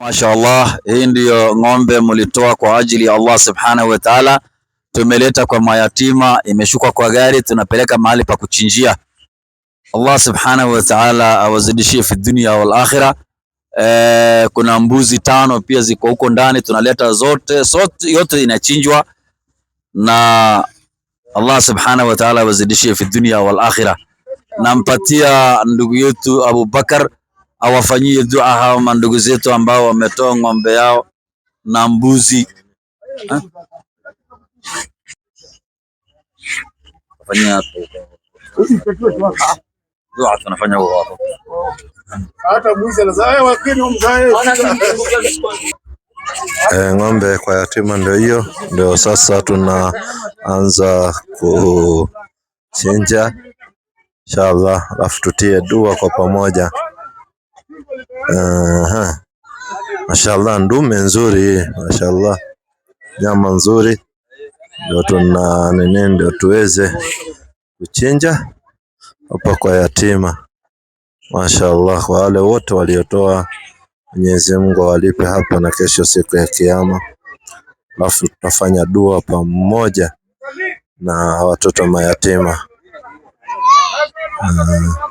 allah hii ndiyo ng'ombe mlitoa kwa ajili ya Allah subhanahu wa ta'ala. Tumeleta kwa mayatima, imeshuka kwa gari, tunapeleka mahali pa kuchinjia. Allah subhanahu wa ta'ala awazidishie fi dunya wal akhirah. E, kuna mbuzi tano pia ziko huko ndani, tunaleta zote sote, yote inachinjwa na Allah subhanahu wa ta'ala awazidishie fi dunya wal akhirah. Nampatia ndugu yetu Abu Bakar awafanyie dua hao mandugu zetu ambao wametoa ng'ombe yao na mbuzi E, ng'ombe kwa yatima ndio hiyo, ndio sasa tunaanza kuchinja inshallah, alafu tutie dua kwa pamoja. Aha. Mashallah, ndume nzuri, mashallah, nyama nzuri, ndio tuna nini, ndio tuweze kuchinja hapa kwa yatima. Mashallah, kwa wale wote waliotoa, Mwenyezi Mungu awalipe hapa na kesho, siku ya Kiyama. Alafu tutafanya dua pamoja na watoto mayatima. Aha.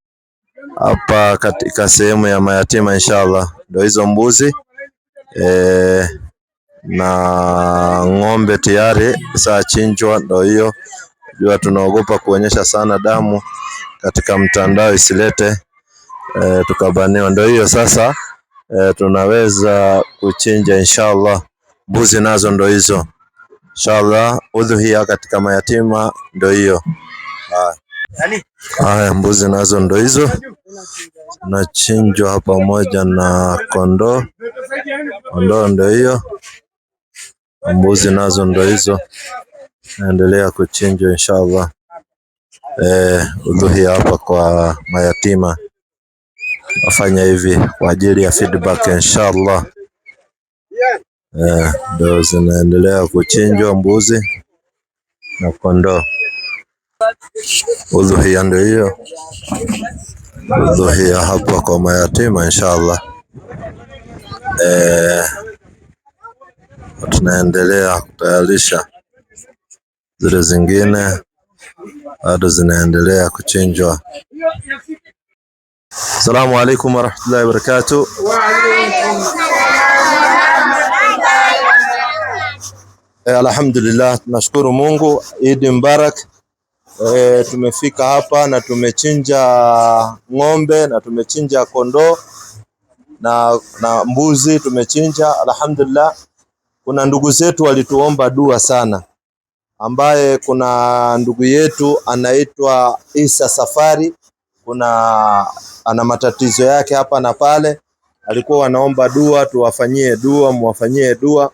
hapa katika sehemu ya mayatima inshallah. Ndio hizo mbuzi e, na ng'ombe tayari saa chinjwa. Ndio hiyo jua, tunaogopa kuonyesha sana damu katika mtandao isilete e, tukabaniwa. Ndio hiyo sasa e, tunaweza kuchinja inshallah. Mbuzi nazo ndio hizo inshallah, udhuhia katika mayatima ndio hiyo. Yaani? Haya, mbuzi nazo ndo hizo nachinjwa pamoja na kondoo. Kondoo ndo hiyo, mbuzi nazo ndo hizo, naendelea kuchinjwa inshallah. Eh, udhuhi hapa kwa mayatima wafanya hivi kwa ajili ya feedback inshallah. Eh, ndo zinaendelea kuchinjwa mbuzi na kondoo. Udhuhia ndio hiyo, udhuhia hapa kwa mayatima inshallah. E, tunaendelea kutayarisha zile zingine bado zinaendelea kuchinjwa. asalamu alaikum warahmatullahi wabarakatuh. Eh, alhamdulillah tunashukuru Mungu. Idi Mubarak. E, tumefika hapa na tumechinja ng'ombe na tumechinja kondoo na, na mbuzi tumechinja, alhamdulillah. Kuna ndugu zetu walituomba dua sana, ambaye kuna ndugu yetu anaitwa Isa Safari, kuna ana matatizo yake hapa na pale, alikuwa wanaomba dua, tuwafanyie dua, muwafanyie dua,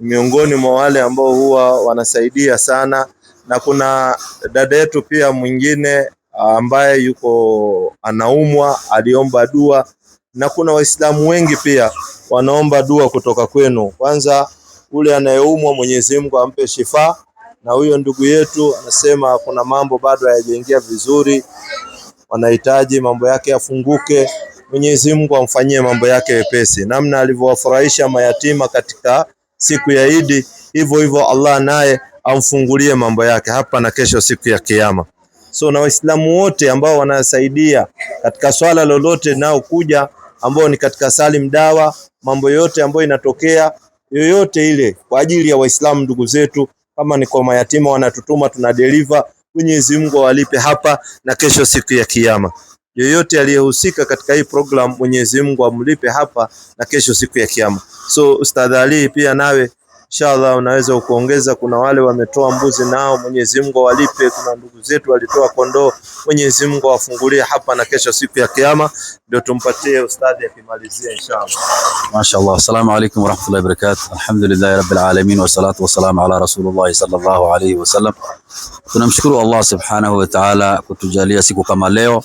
miongoni mwa wale ambao huwa wanasaidia sana na kuna dada yetu pia mwingine ah, ambaye yuko anaumwa, aliomba dua, na kuna Waislamu wengi pia wanaomba dua kutoka kwenu. Kwanza ule anayeumwa, Mwenyezi Mungu ampe shifa, na huyo ndugu yetu anasema kuna mambo bado hayajaingia vizuri, wanahitaji mambo yake yafunguke. Mwenyezi Mungu amfanyie mambo yake wepesi, namna alivyowafurahisha mayatima katika siku ya Idi, hivyo hivyo Allah naye aufungulie mambo yake hapa na kesho, siku ya Kiyama. So na Waislamu wote ambao wanasaidia katika swala lolote nao kuja ambao ni katika Salim Dawa, mambo yote ambayo inatokea yoyote ile kwa ajili ya Waislamu ndugu zetu, kama ni kwa mayatima wanatutuma, tuna deliver. Mwenyezi Mungu awalipe hapa na kesho, siku ya Kiyama. Yoyote aliyehusika katika hii program, Mwenyezi Mungu amlipe hapa na kesho, siku ya Kiyama. So Ustadh Ali, pia nawe Inshallah unaweza ukuongeza. Kuna wale wametoa mbuzi, nao Mwenyezi Mungu awalipe. Kuna ndugu zetu walitoa kondoo, Mwenyezi Mungu awafungulie hapa na kesho, siku ya Kiyama, ndio tumpatie ustadhi akimalizia inshallah. Mashaallah, assalamu alaykum wa rahmatullahi wa barakatuh. Alhamdulillahi rabbil alamin wa salatu wa salam ala rasulillah sallallahu alayhi wa sallam. Tunamshukuru Allah subhanahu wa ta'ala kutujalia siku kama leo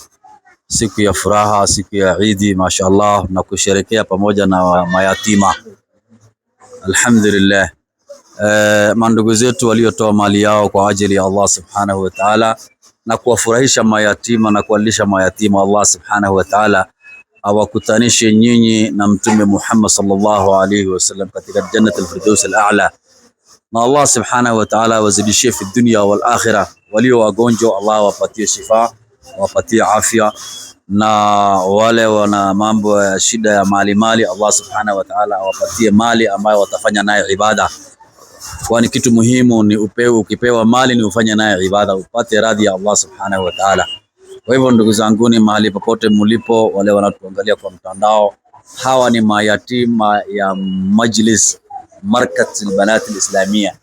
siku ya furaha, siku ya Idi, mashaallah, na kusherekea pamoja na mayatima Alhamdulillah. Uh, mandugu zetu waliotoa mali yao kwa ajili ya Allah subhanahu wa ta'ala na kuwafurahisha mayatima na kuwalisha mayatima, Allah subhanahu wa ta'ala awakutanishe nyinyi na Mtume Muhammad sallallahu alaihi wasallam katika jannatul firdaus al-a'la, na Allah subhanahu wa ta'ala awazidishie fi dunya wal akhirah. Walio wagonjwa Allah awapatie shifa, awapatie afya na wale wana mambo ya shida ya mali mali, Allah subhanahu wa ta'ala awapatie mali ambayo watafanya nayo ibada, kwani kitu muhimu ni upewe, ukipewa mali ni ufanye nayo ibada, upate radhi ya Allah subhanahu wa ta'ala. Kwa hivyo ndugu zangu, ni mahali popote mulipo, wale wanatuangalia kwa mtandao, hawa ni mayatima ya Majlis Markat Albanat Alislamia,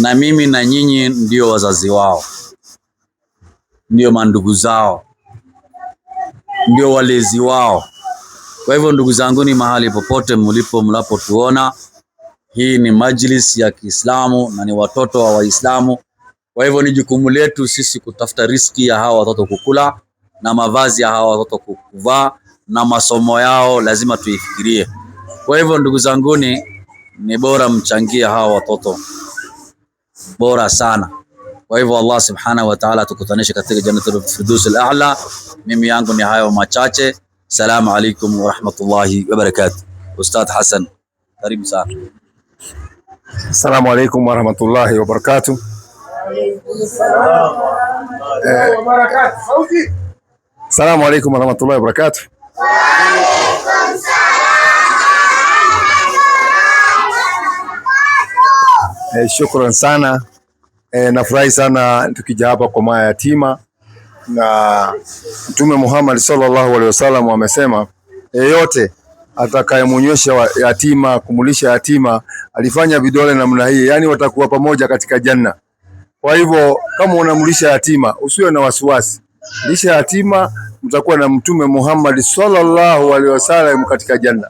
na mimi na nyinyi ndio wazazi wao, ndio mandugu zao ndio walezi wao. Kwa hivyo ndugu zanguni, mahali popote mlipo, mnapotuona, hii ni majlis ya Kiislamu na ni watoto wa Waislamu. Kwa hivyo ni jukumu letu sisi kutafuta riski ya hawa watoto kukula na mavazi ya hawa watoto kuvaa na masomo yao lazima tuifikirie. Kwa hivyo ndugu zanguni, ni bora mchangie hawa watoto, bora sana. Kwa hivyo Allah subhanahu wa ta'ala tukutanishe katika jannatul firdaus al-a'la. Mimi yangu ni hayo machache. Salamu alaykum wa rahmatullahi wa barakatuh. Ustadh Hassan, karibu sana. Assalamu alaykum wa rahmatullahi wa barakatuh. Assalamu alaykum wa rahmatullahi wa barakatuh. Shukran sana. E, nafurahi sana tukija hapa kwa maya yatima, na Mtume Muhammad sallallahu alaihi wasallam amesema yeyote atakayemunyesha yatima, kumulisha yatima, alifanya vidole namna hii, yani watakuwa pamoja katika janna. Kwa hivyo kama unamlisha yatima usiwe na wasiwasi, lisha yatima, mtakuwa na Mtume Muhammad sallallahu alaihi wasallam katika janna.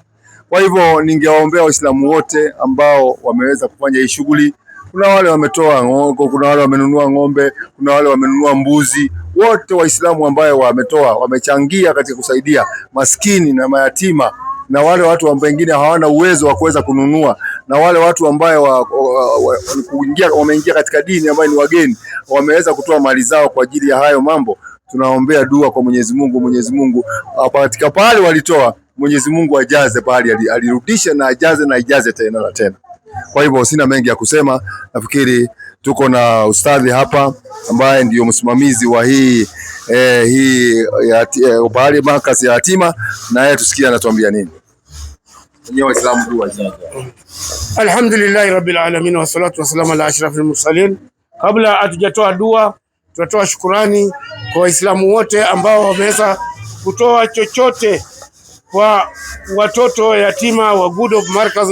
Kwa hivyo ningewaombea Waislamu wote ambao wameweza kufanya hii shughuli kuna wale wametoa ng'ongo, kuna wale wamenunua ng'ombe, kuna wale wamenunua mbuzi. Wote Waislamu ambaye wametoa wamechangia katika kusaidia maskini na mayatima na wale watu wengine hawana uwezo wa kuweza kununua na wale watu ambao wa, wa, wa, wameingia katika dini ambayo ni wageni wameweza kutoa mali zao kwa ajili ya hayo mambo. Tunaombea dua kwa Mwenyezi Mungu. Mwenyezi Mungu katika pale walitoa, Mwenyezi Mungu ajaze pale, alirudishe na ajaze na ajaze tena na tena. Kwa hivyo sina mengi ya kusema, nafikiri tuko na ustadhi hapa ambaye ndiyo msimamizi wa hii eh, hii eh, bahari Markaz ya yatima, na yeye tusikia anatuambia nini. Alhamdulillahi rabbil alamin wassalatu wassalamu ala ashrafil mursalin. Kabla hatujatoa dua, tunatoa shukurani kwa Waislamu wote ambao wameweza kutoa chochote kwa watoto yatima wa Good Hope Markaz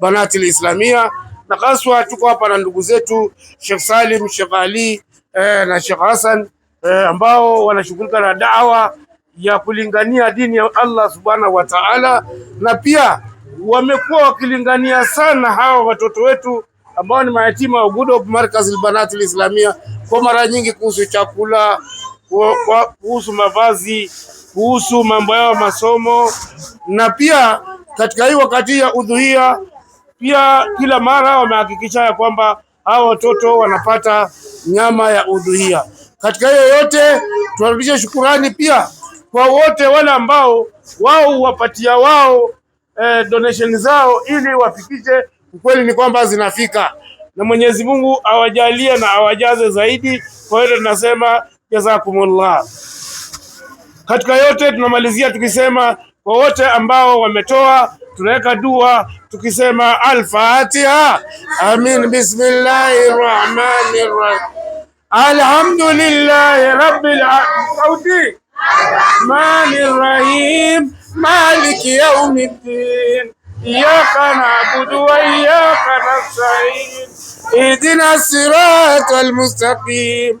Banatil Islamia, na haswa tuko hapa na ndugu zetu Sheikh Salim, Sheikh Ali eh, na Sheikh Hassan eh, ambao wanashughulika na dawa ya kulingania dini ya Allah subhanahu wa ta'ala, na pia wamekuwa wakilingania sana hawa watoto wetu ambao ni mayatima wa Good Hope Markaz Banatil Islamia kwa mara nyingi kuhusu chakula kuhusu mavazi, kuhusu mambo yao masomo, na pia katika hii wakati ya udhuhia pia kila mara wamehakikisha ya kwamba hao watoto wanapata nyama ya udhuhia. Katika hiyo yote tunarudisha shukurani pia kwa wote wale ambao wao huwapatia wao eh, donation zao ili wafikishe. Ukweli ni kwamba zinafika, na Mwenyezi Mungu awajalie na awajaze zaidi. Kwa hiyo tunasema Jazakumullah. Katika yote tunamalizia tukisema kwa wote ambao wametoa, tunaweka dua tukisema Al-Fatiha. Amin. Bismillahir Rahmanir Rahim. Alhamdulillahi Rabbil Alamin. Rahmanir Rahim. Maliki yawmiddin. Iyyaka na'budu wa iyyaka nasta'in. Ihdinas siratal mustaqim.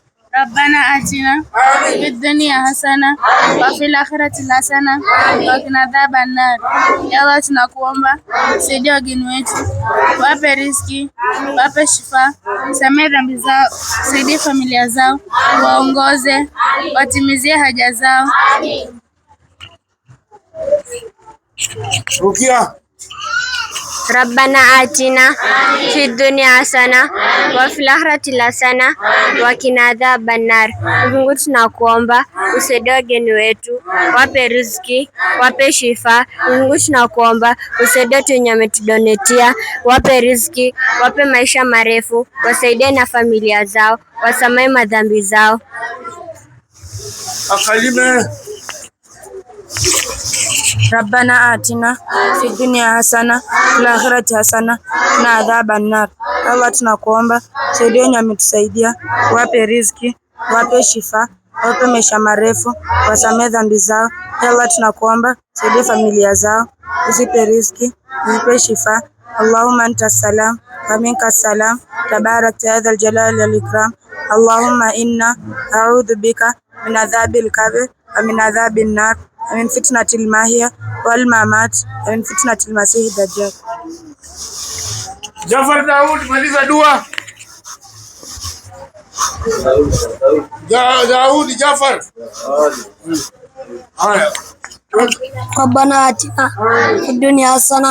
Rabbana atina fid dunya hasana wa fil akhirati hasana wa qina adhaban nar. Ya Allah, tunakuomba saidia wageni wetu, wape riziki, wape shifa, samehe dhambi zao, saidie familia zao, waongoze, watimizie haja zao. Rukia. Rabbana atina fi dunia hasana wa fil akhirati hasana wa qina adhaban nar. Mungu tunakuomba usaidie wageni wetu, wape riziki, wape shifa. Mungu tunakuomba usaidie tu wenye wape riziki, wape maisha marefu, wasaidie na familia zao, wasamee madhambi zao. Akalime Rabbana atina fi dunya hasana fil akhirati hasana na adhaban nar. Allah, tunakuomba saidia wenye wametusaidia, wape riziki, wape shifa, wape maisha marefu, wasamee dhambi zao. Allah, tunakuomba saidia familia zao, uzipe riziki, uzipe shifa. Allahumma anta salam wa minka salam tabarakta ya dhal jalali wal ikram. Allahumma inna a'udhu bika min adhabil kabir wa min adhabin nar من فتنة الماهية والمامات من فتنة المسيح الدجال. جعفر داود maliza دوا داود جعفر Rabbana atina fid dunya hasana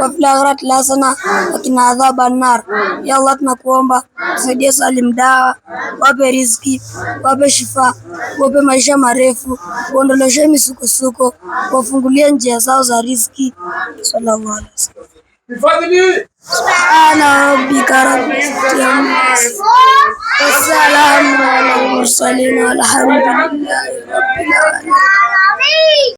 wa fil akhirati hasana wa qina adhaban nar. Ya Allah, tunakuomba tusaidie Salim Dawa, wape riziki, wape shifa, wape maisha marefu, waondoleshe misukosuko, wafungulie njia zao za riziki. Sallallahu alaihi wasallam. Subhana rabbika rabbil izzati wassalamu alal mursalin walhamdulillahi rabbil alamin.